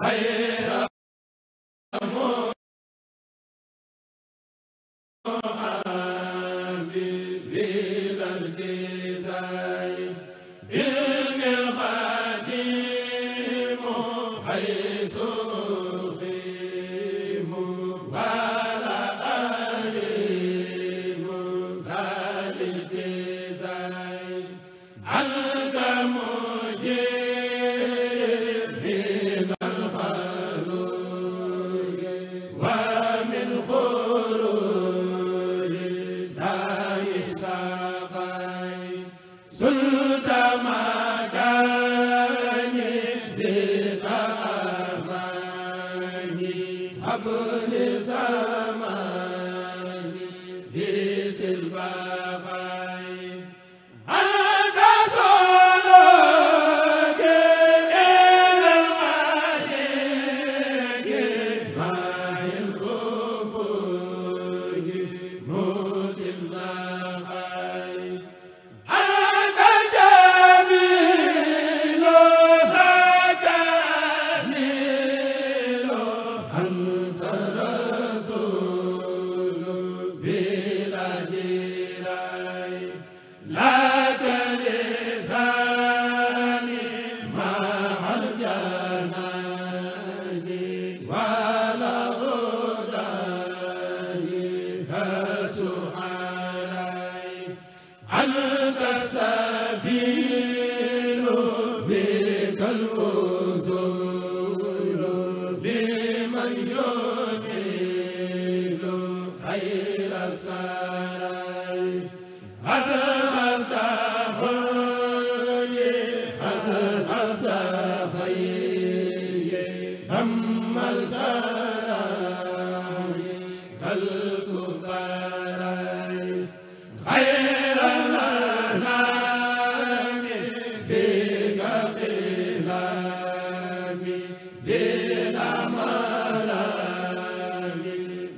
ay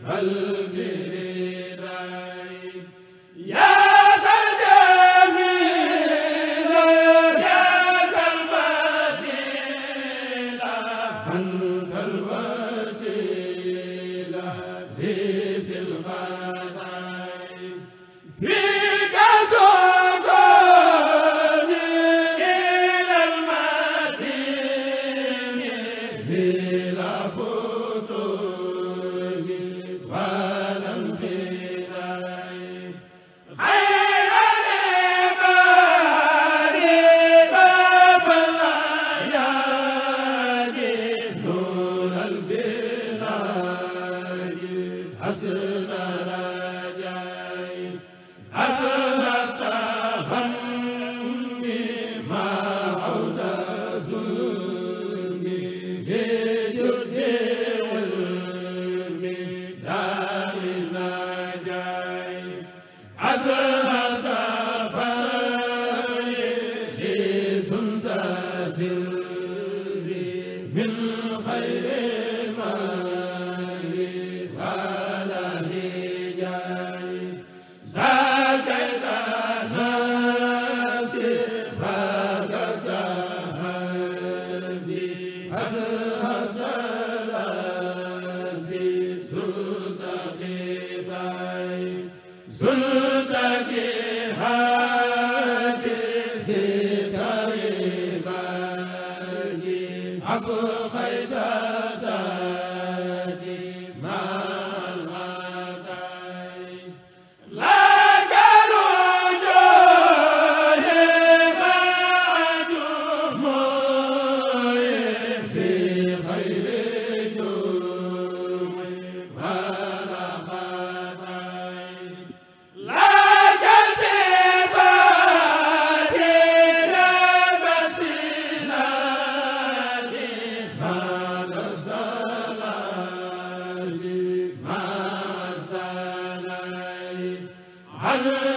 hal من خير Hallelujah.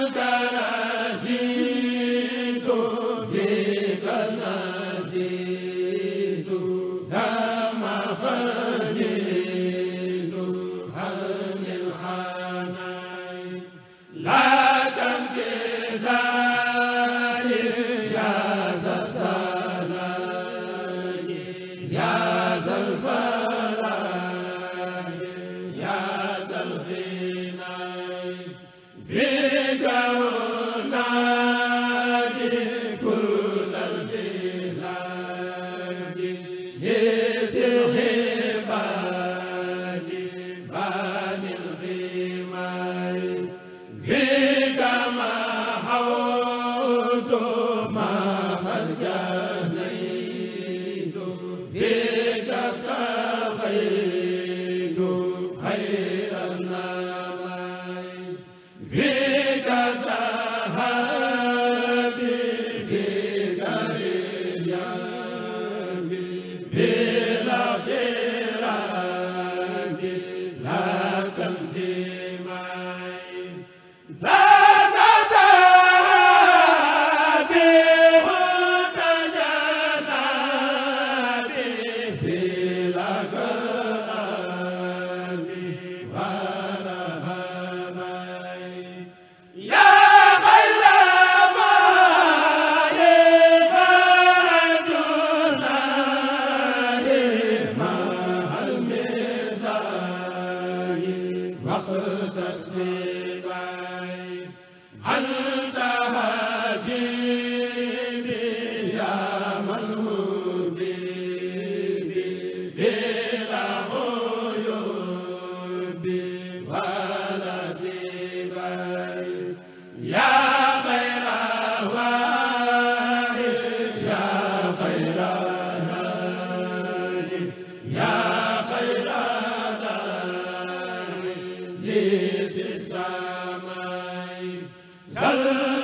la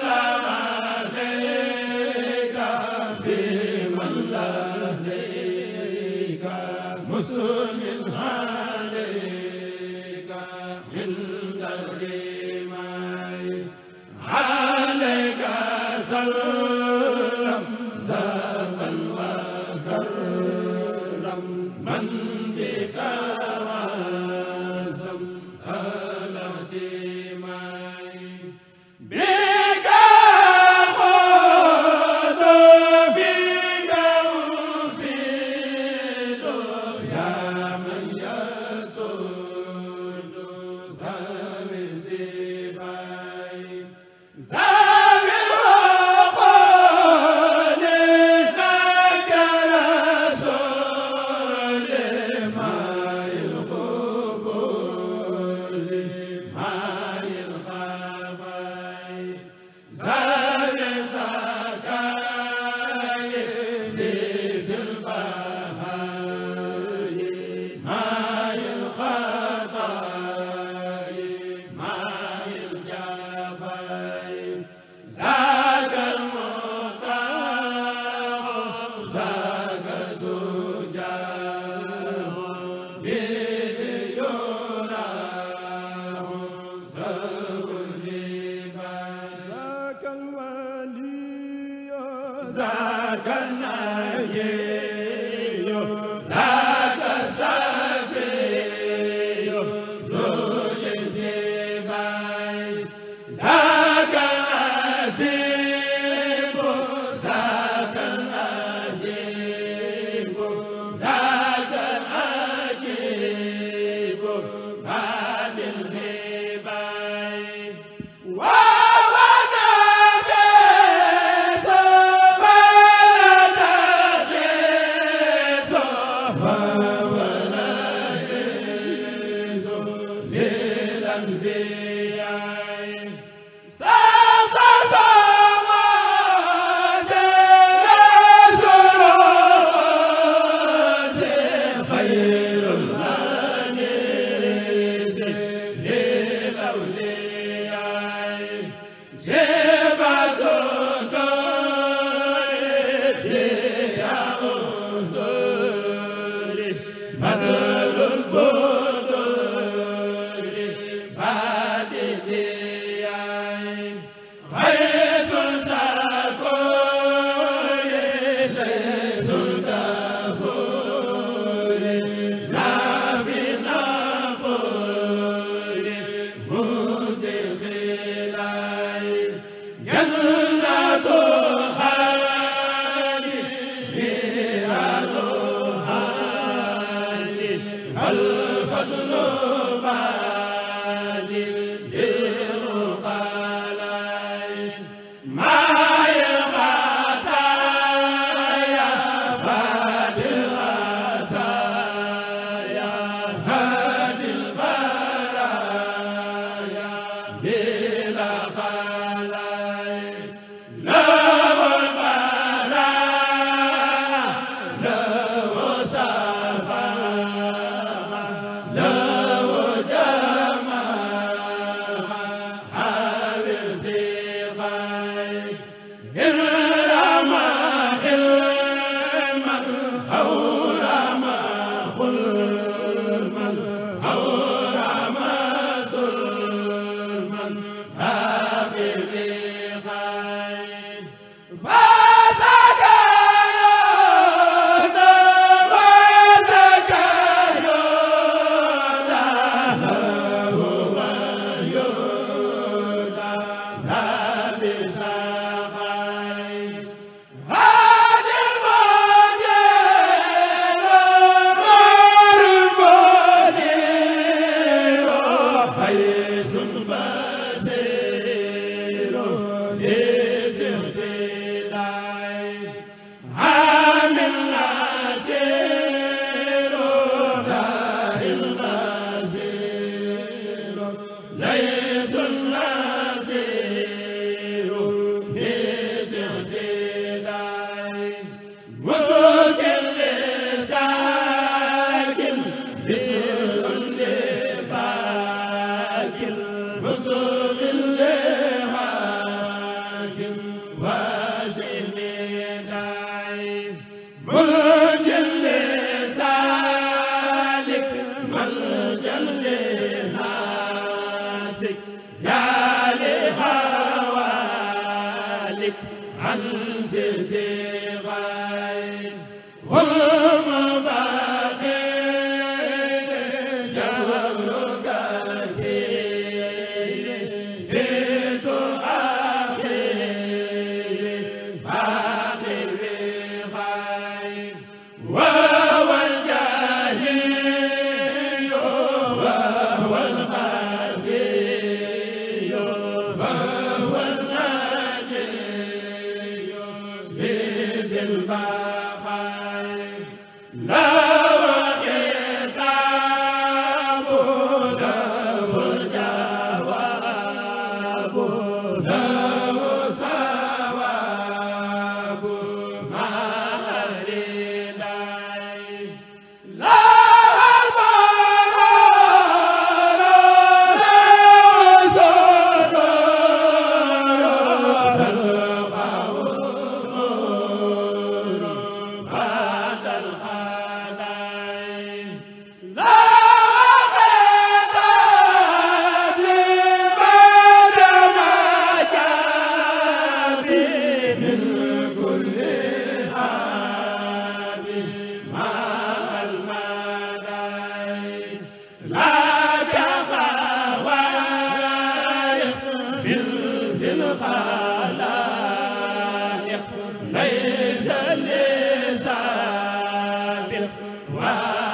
ma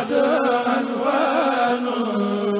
أحد أنوان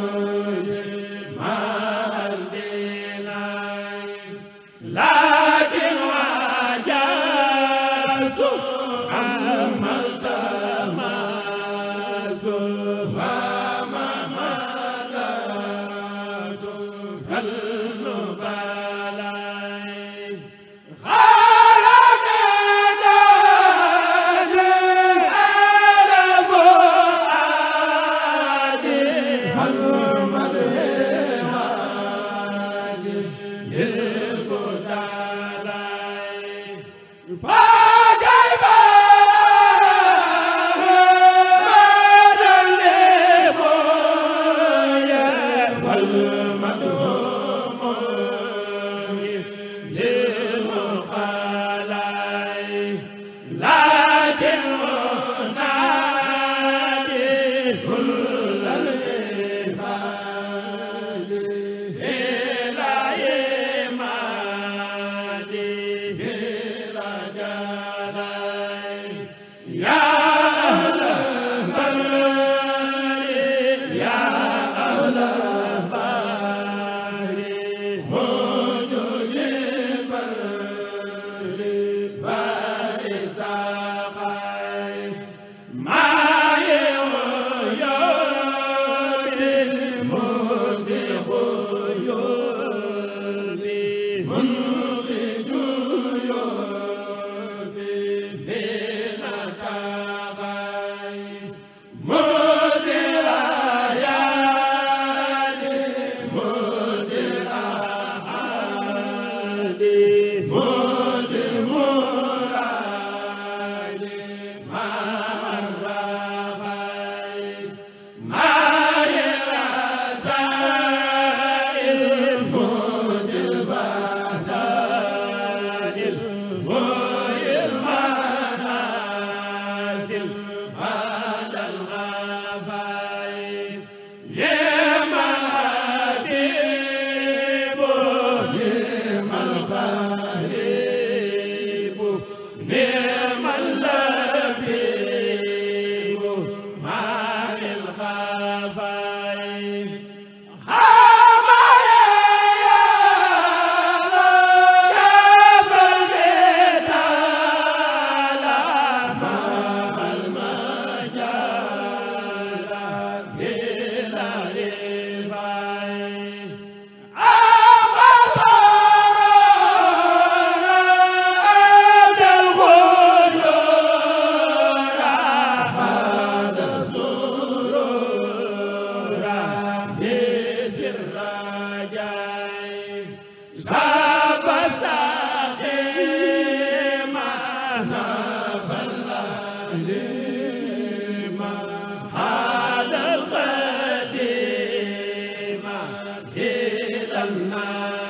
Allah